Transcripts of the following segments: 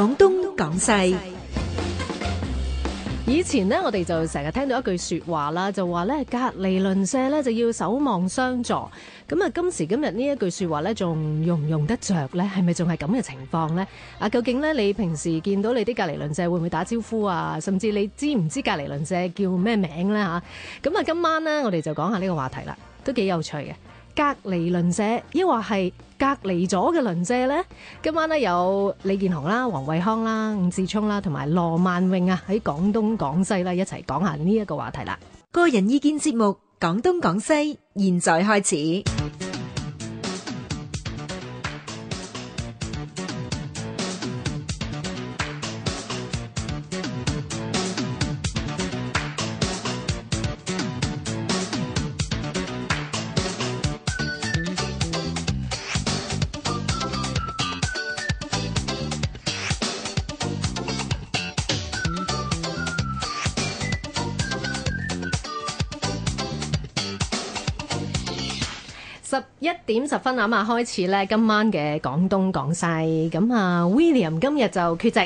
廣東廣西，以前呢，我哋就成日聽到一句說話啦，就話咧隔籬鄰舍呢，就要守望相助。咁啊，今時今日呢一句說話容容呢，仲用唔用得着呢？係咪仲係咁嘅情況呢？啊，究竟呢？你平時見到你啲隔籬鄰舍會唔會打招呼啊？甚至你知唔知隔籬鄰舍叫咩名呢？吓，咁啊，今晚呢，我哋就講下呢個話題啦，都幾有趣嘅。隔離鄰舍，抑或係隔離咗嘅鄰舍咧。今晚咧有李健雄啦、黃惠康啦、伍智聰啦，同埋羅曼穎啊，喺廣東廣西咧一齊講下呢一個話題啦。個人意見節目，廣東廣西，現在開始。十一點十分啱啊！開始咧今晚嘅廣東廣西咁啊，William 今日就缺席，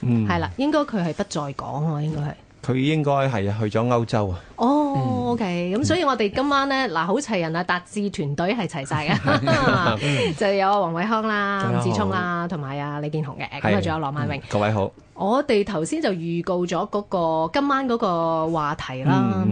係啦，應該佢係不在港喎，應該係。佢應該係啊，去咗歐洲啊。哦，OK，咁所以我哋今晚咧嗱，好齊人啊，達志團隊係齊晒嘅，就有啊黃惠康啦、智聰啦，同埋啊李健雄嘅，咁啊仲有羅曼穎。各位好，我哋頭先就預告咗嗰個今晚嗰個話題啦。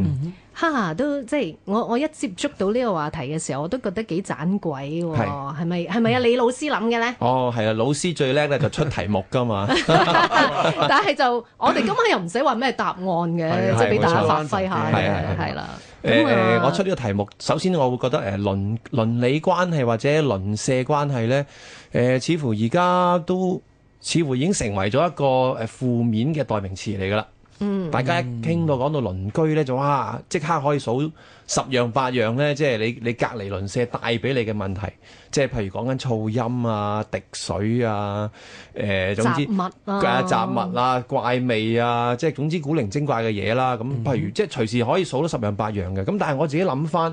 哈、啊！都即係我我一接觸到呢個話題嘅時候，我都覺得幾盞鬼喎。係咪係咪啊？係係係係，李老師諗嘅咧？哦，係啊！老師最叻咧就出題目㗎嘛。 但係就我哋今晚又唔使話咩答案嘅，就俾大家錯發揮下嘅係啦。誒錯、啊，我出呢個題目，首先我會覺得誒，鄰、呃、鄰里關係或者鄰舍關係咧，誒、呃，似乎而家都似乎已經成為咗一個誒負面嘅代名詞嚟㗎啦。嗯，大家一傾到講到鄰居呢，就哇即、啊、刻可以數十樣八樣呢。即係你你隔離鄰舍帶俾你嘅問題，即係譬如講緊噪音啊、滴水啊、誒、呃、總之雜物啊、呃、雜物啊、怪味啊，即係總之古靈精怪嘅嘢啦。咁譬如、嗯、即係隨時可以數到十樣八樣嘅。咁但係我自己諗翻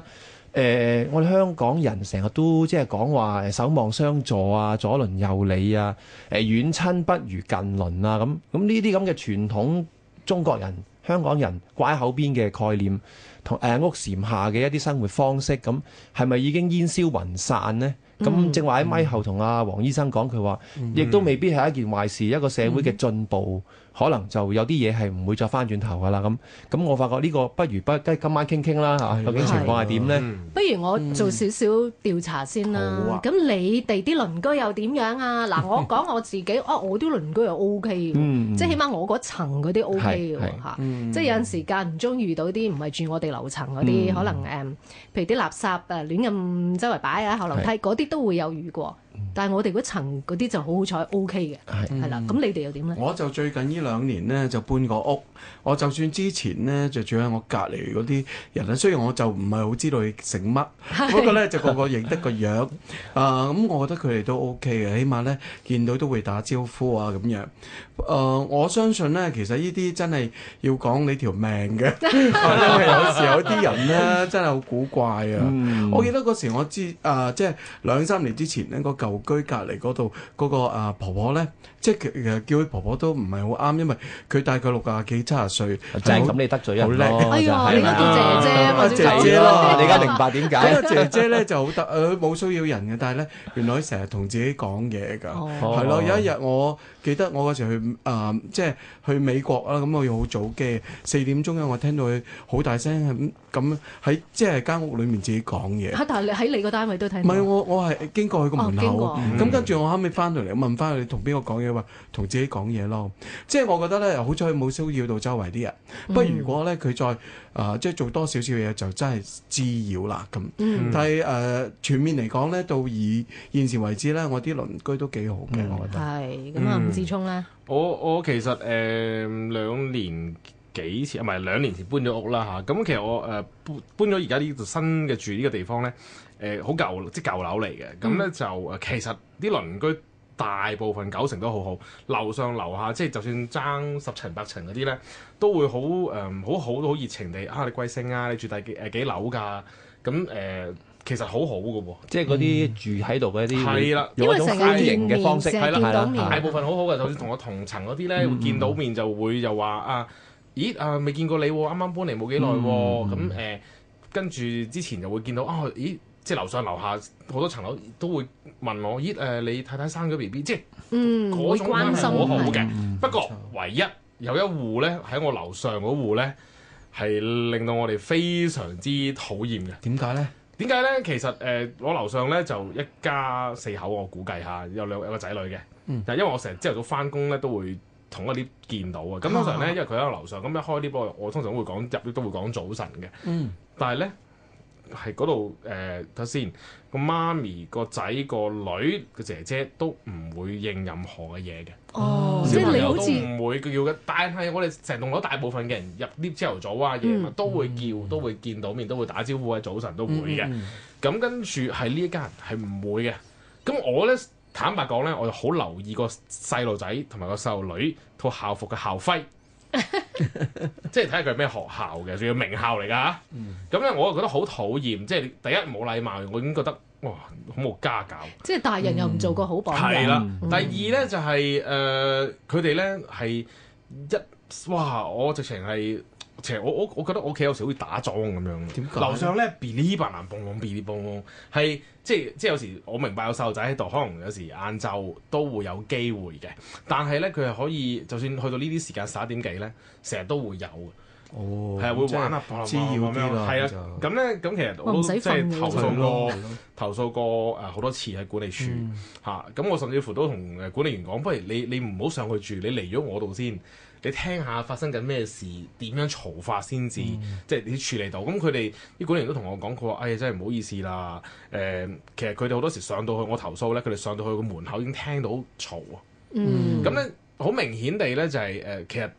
誒，我哋香港人成日都即係講話守望相助啊、左鄰右里啊、誒遠親不如近鄰啊。咁咁呢啲咁嘅傳統。中國人、香港人掛口邊嘅概念，同誒屋檐下嘅一啲生活方式，咁係咪已經煙消雲散呢？咁正話喺咪後同阿黃醫生講，佢話亦都未必係一件壞事，嗯、一個社會嘅進步。嗯嗯可能就有啲嘢係唔會再翻轉頭噶啦咁，咁我發覺呢個不如不跟今晚傾傾啦嚇，究竟情況係點呢？不如我做少少調查先啦。咁你哋啲鄰居又點樣啊？嗱，我講我自己，哦，我啲鄰居又 O K 嘅，即係起碼我嗰層嗰啲 O K 嘅嚇。即係有陣時間唔中遇到啲唔係住我哋樓層嗰啲，可能誒，譬如啲垃圾誒亂咁周圍擺啊，後樓梯嗰啲都會有遇過。但係我哋嗰層嗰啲就好好彩，O K 嘅，係啦。咁你哋又點咧？我就最近兩呢兩年咧就搬過屋，我就算之前咧就住喺我隔籬嗰啲人咧，雖然我就唔係好知道佢姓乜，是不過咧就個認個認得個樣。啊、呃，咁我覺得佢哋都 O K 嘅，起碼咧見到都會打招呼啊咁樣。誒、呃，我相信咧，其實呢啲真係要講你條命嘅， 有時有啲人咧真係好古怪啊。 我記得嗰時我知誒、呃，即係兩三年之前咧、啊嗯舊居隔籬嗰度嗰個啊婆婆咧，即係其實叫佢婆婆都唔係好啱，因為佢大概六啊幾七啊歲，就係咁你得罪人咧。哎呀，你叫姐姐啊，姐姐啦，你而家明白點解？因為姐姐咧就好得，誒冇需要人嘅，但係咧原來成日同自己講嘢噶，係咯。有一日我記得我嗰時去啊，即係去美國啦，咁我要好早機，四點鐘嘅我聽到佢好大聲咁咁喺即係間屋裏面自己講嘢。吓，但係你喺你個單位都睇唔到。唔係我我係經過佢個門口。咁、嗯嗯、跟住我後尾翻到嚟問翻佢，同邊個講嘢話，同自己講嘢咯。即係我覺得咧，好彩佢冇騷擾到周圍啲人。嗯、不過如、如果咧佢再啊、呃，即係做多少少嘢，就真係滋擾啦咁。嗯、但係誒、呃，全面嚟講咧，到以現時為止咧，我啲鄰居都幾好嘅，嗯、我覺得。係咁啊，伍智聰咧。嗯、我我其實誒、呃、兩年。幾次，啊，唔係兩年前搬咗屋啦嚇。咁、啊、其實我誒搬搬咗而家呢度新嘅住呢個地方咧，誒、呃、好舊即係、就是、舊樓嚟嘅。咁、嗯、咧就誒其實啲鄰居大部分九成都好好，樓上樓下即係就算爭十層八層嗰啲咧，都會好誒、呃、好好都好熱情地啊，你貴姓啊？你住第幾誒幾樓㗎？咁、啊、誒其實好好嘅喎，嗯、即係嗰啲住喺度嗰啲係啦，因為成日見面，式見，面見到面，大部分好好嘅。不及就算同我同層嗰啲咧，見到面就會又話啊～咦啊，未見過你喎，啱啱搬嚟冇幾耐喎，咁誒跟住之前就會見到啊，咦，即係樓上樓下好多層樓都會問我，咦誒、啊，你太太生咗 B B，即係嗰、嗯、種都係好好嘅。嗯、關心不過錯唯一有一戶咧喺我樓上嗰戶咧，係令到我哋非常之討厭嘅。點解咧？點解咧？其實誒、呃，我樓上咧就一家四口，我估計吓有兩有個仔女嘅。但係、嗯、因為我成日朝頭早返工咧都會。同一啲見到啊，咁通常咧，因為佢喺個樓上，咁一開啲波，我通常會都會講入啲都會講早晨嘅。嗯，但係咧係嗰度誒，睇先，個、呃、媽咪、個仔、個女、個姐姐都唔會應任何嘅嘢嘅。哦，即係你好似唔會佢叫嘅，但係我哋成棟樓大部分嘅人入啲朝頭早啊、夜晚、嗯、都會叫，都會見到面，都會打招呼喺早晨都會嘅。咁、嗯嗯、跟住係呢一家人，係唔會嘅。咁我咧。坦白講咧，我就好留意個細路仔同埋個細路女套校服嘅校徽， 即係睇下佢係咩學校嘅，仲要名校嚟㗎嚇。咁咧、嗯，我就覺得好討厭，即係第一冇禮貌，我已經覺得哇好冇家教，即係大人又唔做個好榜樣。係啦、嗯，嗯、第二咧就係、是、誒，佢哋咧係一哇，我直情係。其實我我我覺得我屋企有時會打樁咁樣，點解？樓上咧噼哩啪啦嘣嘣噼哩嘣嘣，係即係即係有時我明白有細路仔喺度，可能有時晏晝都會有機會嘅，但係咧佢係可以就算去到呢啲時間十一點幾咧，成日都會有。哦，係啊、oh，會玩啊，滋擾啲啦，係啊，咁咧，咁、啊、其實我都即係投訴過，投訴過誒好多次喺管理處嚇，咁、嗯啊、我甚至乎都同誒管理員講，不如你你唔好上去住，你嚟咗我度先，你聽下發生緊咩事，點樣嘈法先至，嗯、即係你處理到。咁佢哋啲管理員都同我講，佢話：哎真係唔好意思啦，誒、啊，其實佢哋好多時上到去我，我投訴咧，佢哋上到去個門口已經聽到嘈啊，咁咧好明顯地咧就係、是、誒其實。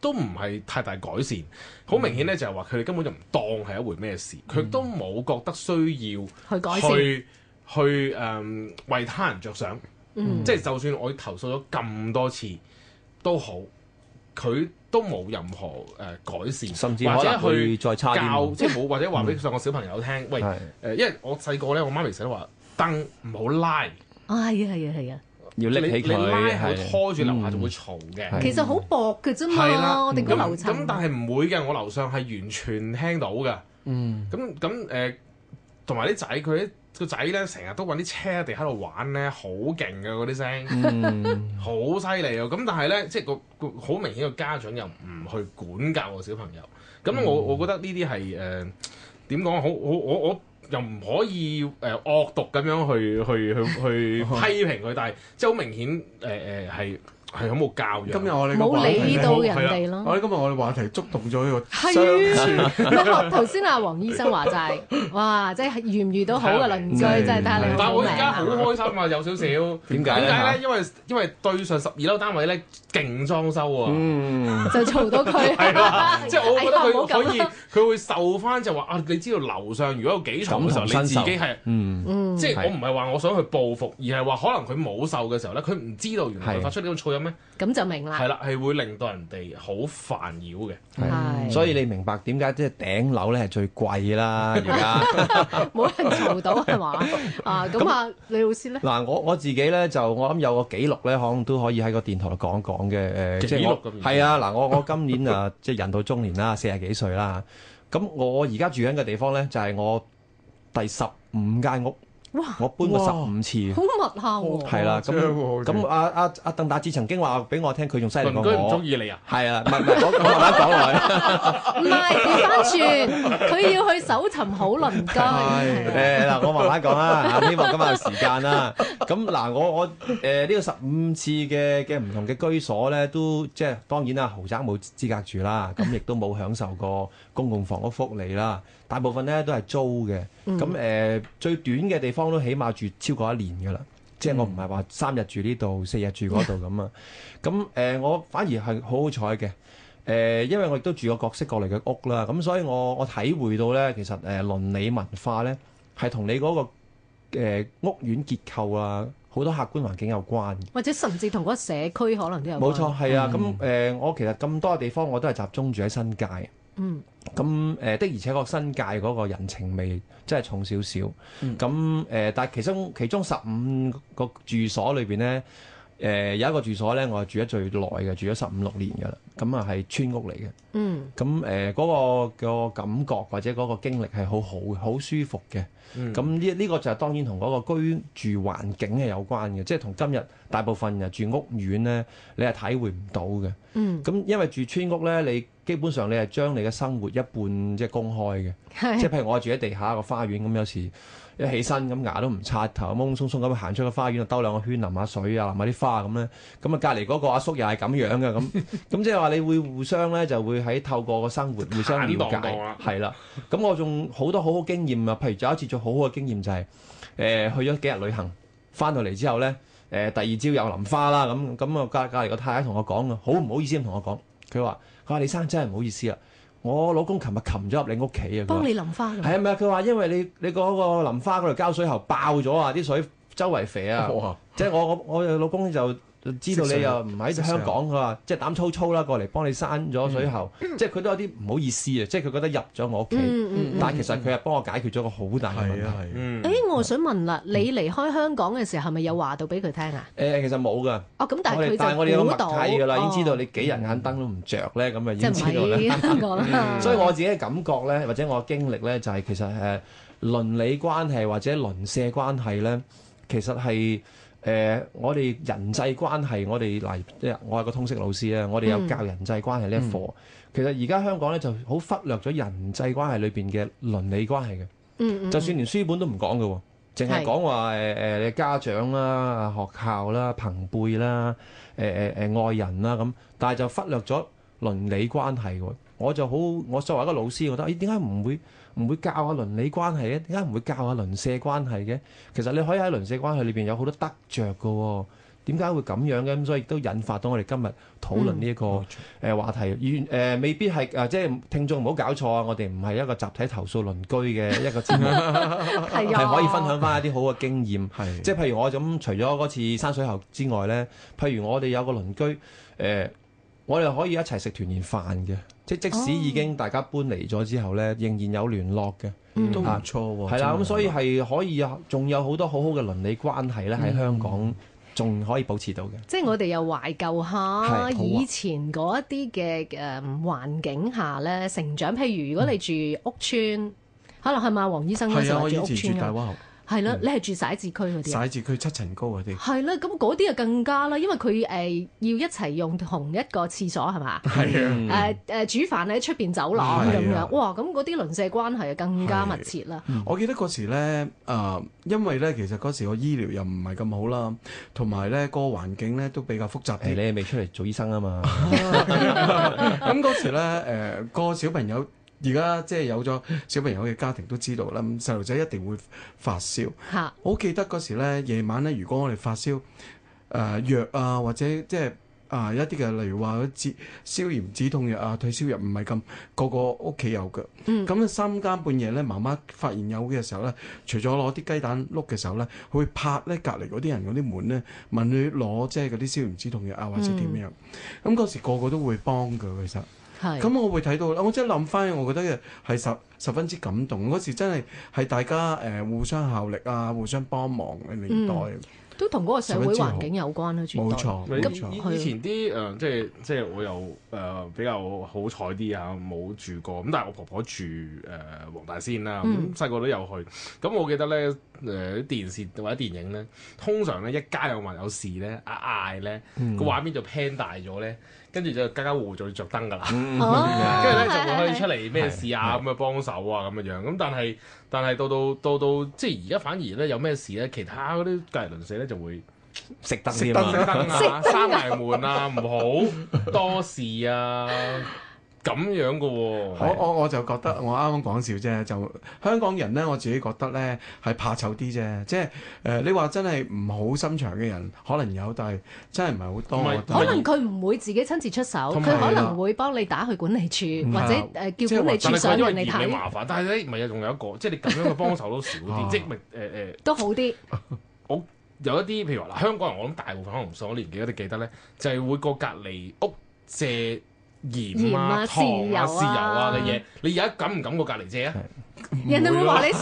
都唔係太大改善，好明顯咧就係話佢哋根本就唔當係一回咩事，佢都冇覺得需要去、去改善去誒、呃、為他人着想，嗯、即係就算我投訴咗咁多次都好，佢都冇任何誒、呃、改善，甚至或者去教再教，即係冇或者話俾上個小朋友聽，嗯、喂誒的、呃，因為我細個咧，我媽咪成日話燈唔好拉，啊係啊係啊係啊！要拎起佢，的拖住樓下就會嘈嘅。其實好薄嘅啫嘛，我哋都樓層咁、嗯，但係唔會嘅。我樓上係完全聽到嘅。嗯，咁咁誒，同埋啲仔佢啲個仔咧，成、呃、日都搵啲車地喺度玩咧，好勁嘅嗰啲聲，好犀利啊！咁 但係咧，即係個個好明顯個家長又唔去管教個小朋友。咁我、嗯、我覺得呢啲係誒點講？好好我我。我又唔可以誒、呃、惡毒咁樣去去去去 批評佢，但係即係好明顯誒誒係。呃係有冇教養？冇理到人哋咯。我哋今日我哋話題觸動咗呢個。係。頭先阿黃醫生話就係，哇！即係遇唔遇到好嘅鄰居真係睇下你。但係我而家好開心啊！有少少點解？點解咧？因為因為對上十二樓單位咧，勁裝修喎。就嘈到佢。即係我覺得佢可以，佢會受翻就話啊！你知道樓上如果有幾重，嘅時候，你自己係即係我唔係話我想去報復，而係話可能佢冇受嘅時候咧，佢唔知道原來發出呢種噪音。感同身受。咁就明啦，係啦，係會令到人哋好煩擾嘅，所以你明白點解即係頂樓咧係最貴啦。而家冇人做到係嘛啊？咁啊，李老師咧？嗱，我我自己咧就我諗有個記錄咧，可能都可以喺個電台度講講嘅。誒，即係記錄係啊！嗱，我我今年啊，即係人到中年啦，四十幾歲啦。咁我而家住緊嘅地方咧，就係我第十五間屋。哇！我搬過十五次，好密下喎。係啦，咁咁阿阿阿鄧達志曾經話俾我聽，佢仲犀利過我。鄰居唔中意你啊？係啊，唔唔，我慢慢講來。唔係調翻轉，佢要去搜尋好鄰居。誒嗱，我慢慢講啦，希望今日有時間啦。咁嗱，我我誒呢個十五次嘅嘅唔同嘅居所咧，都即係當然啦，豪宅冇資格住啦，咁亦都冇享受過公共房屋福利啦。大部分咧都係租嘅。咁誒最短嘅地方方都起碼住超過一年嘅啦，即係我唔係話三日住呢度，四日住嗰度咁啊。咁誒、 呃，我反而係好好彩嘅。誒、呃，因為我亦都住過角色過嚟嘅屋啦，咁所以我我體會到呢，其實誒、呃、倫理文化呢係同你嗰、那個、呃、屋苑結構啊，好多客觀環境有關，或者甚至同嗰個社區可能都有。冇錯，係啊。咁誒、嗯呃，我其實咁多地方，我都係集中住喺新界。嗯，咁誒，的而且確新界嗰個人情味真係重少少，咁誒、嗯呃，但係其，其中其中十五個住所裏邊咧。誒、呃、有一個住所咧，我係住咗最耐嘅，住咗十五六年嘅啦。咁啊係村屋嚟嘅。嗯。咁誒嗰個個感覺或者嗰個經歷係好好好舒服嘅。嗯。咁呢呢個就係當然同嗰個居住環境係有關嘅，即係同今日大部分人住屋苑咧，你係體會唔到嘅。嗯。咁因為住村屋咧，你基本上你係將你嘅生活一半即係、即係、公開嘅。嗯、即係譬如我住喺地下、嗰個花園，咁有時，一起身咁牙都唔刷，頭懵懵鬆鬆咁行出個花園度兜兩個圈淋下水啊，淋下啲花咁咧，咁啊隔離嗰個阿叔又係咁樣嘅咁，咁即係話你會互相咧就會喺透過個生活互相了解，係啦、啊。咁我仲好多好好經驗啊，譬如有一次做好好嘅經驗就係、是，誒、呃、去咗幾日旅行，翻到嚟之後咧，誒、呃、第二朝又淋花啦，咁咁啊隔隔離個太太同我講啊，好唔好意思咁同我講，佢話佢話李生真係唔好意思啊。我老公琴日冚咗入你屋企啊！幫你淋花，係啊，唔係佢話，因為你你嗰個淋花嗰度膠水喉爆咗啊，啲水周圍肥啊！哦、即係我 我我老公就。知道你又唔喺香港啊，即係膽粗粗啦，過嚟幫你閂咗水喉，即係佢都有啲唔好意思啊，即係佢覺得入咗我屋企，但係其實佢係幫我解決咗一個好大嘅問題。誒，我想問啦，你離開香港嘅時候係咪有話到俾佢聽啊？誒，其實冇噶。哦，咁但係佢哋都默契㗎啦，已經知道你幾日眼燈都唔著咧，咁啊已經知道啦。所以我自己嘅感覺咧，或者我經歷咧，就係其實誒鄰里關係或者鄰舍關係咧，其實係。誒，我哋人際關係，我哋嚟，我係個通識老師啊，我哋有教人際關係呢一課。其實而家香港咧就好忽略咗人際關係裏邊嘅倫理關係嘅，就算連書本都唔講㗎，淨係講話誒誒，你家長啦、學校啦、朋輩啦、誒誒誒愛人啦咁，但係就忽略咗倫理關係喎。我就好，我作為一個老師，我覺得誒點解唔會唔會教下鄰里關係咧？點解唔會教下鄰舍關係嘅？其實你可以喺鄰舍關係裏邊有好多得著嘅、哦。點解會咁樣嘅咁？所以亦都引發到我哋今日討論呢一個誒話題。議、嗯呃、未必係啊，即、呃、係聽眾唔好搞錯啊！我哋唔係一個集體投訴鄰居嘅一個，係 可以分享翻一啲好嘅經驗。係即係譬如我咁，除咗嗰次山水喉之外咧，譬如我哋有個鄰居誒、呃，我哋可以一齊食團年飯嘅。即即使已經大家搬嚟咗之後呢，仍然有聯絡嘅，嗯啊、都唔錯喎。係啦、啊，咁、嗯、所以係可以，仲有很多很好多好好嘅鄰里關係呢。喺香港仲、嗯、可以保持到嘅。即係我哋又懷舊下、嗯、以前嗰一啲嘅誒環境下呢。成長。譬如如果你住屋村，可能係咪黃醫生咧就、啊、住，住大村。係啦，你係住徙置區嗰啲徙置區七層高嗰啲。係啦，咁嗰啲啊更加啦，因為佢誒要一齊用同一個廁所係嘛？係啊。誒誒，煮飯喺出邊走廊咁樣，哇！咁嗰啲鄰舍關係啊更加密切啦。我記得嗰時咧，誒，因為咧其實嗰時個醫療又唔係咁好啦，同埋咧個環境咧都比較複雜。你係未出嚟做醫生啊嘛？咁嗰時咧，誒個小朋友。而家即係有咗小朋友嘅家庭都知道啦，咁細路仔一定會發燒。 我記得嗰時咧，夜晚咧，如果我哋發燒，誒、呃、藥啊，或者即係啊一啲嘅，例如話止消炎止痛藥啊、退燒藥，唔係咁個個屋企有嘅。咁、嗯、三更半夜咧，媽媽發現有嘅時候咧，除咗攞啲雞蛋碌嘅時候咧，佢會拍咧隔離嗰啲人嗰啲門咧，問佢攞即係嗰啲消炎止痛藥啊，或者點樣？咁嗰、嗯、時個個都會幫佢，其實。係，咁我會睇到，的我真係諗返，我覺得嘅係十十分之感動。嗰時真係係大家誒互相效力啊，互相幫忙嘅年代。嗯。都同嗰個社會環境有關啦，冇錯。咁以前啲誒，即係即係我又誒比較好彩啲嚇，冇住過。咁但係我婆婆住誒黃大仙啦。咁細個都有去。咁我記得咧誒電視或者電影咧，通常咧一家有問有事咧，啊嗌咧個畫面就 pan 大咗咧，跟住就家家戶戶就着燈噶啦。跟住咧就會可以出嚟咩事啊，咁啊幫手啊咁樣樣。咁但係但係到到到到即係而家反而咧有咩事咧，其他嗰啲隔離鄰舍咧。就會食得先啊！熄燈關埋門啊！唔好多事啊！咁樣嘅喎，我我我就覺得我啱啱講笑啫，就香港人咧，我自己覺得咧係怕醜啲啫，即係誒你話真係唔好心腸嘅人可能有，但係真係唔係好多。可能佢唔會自己親自出手，佢可能會幫你打去管理處，或者誒叫管理處上嚟你麻煩，但係咧唔係啊，仲有一個，即係你咁樣嘅幫手都少啲，即係誒都好啲，好。有一啲，譬如話嗱，香港人我諗大部分可能上咗年紀記得都記得咧，就係、是、會過隔離屋借鹽啊、啊糖啊、豉、啊、油啊嘅嘢。啊、對 你而家敢唔敢過隔離借啊？人哋會話你。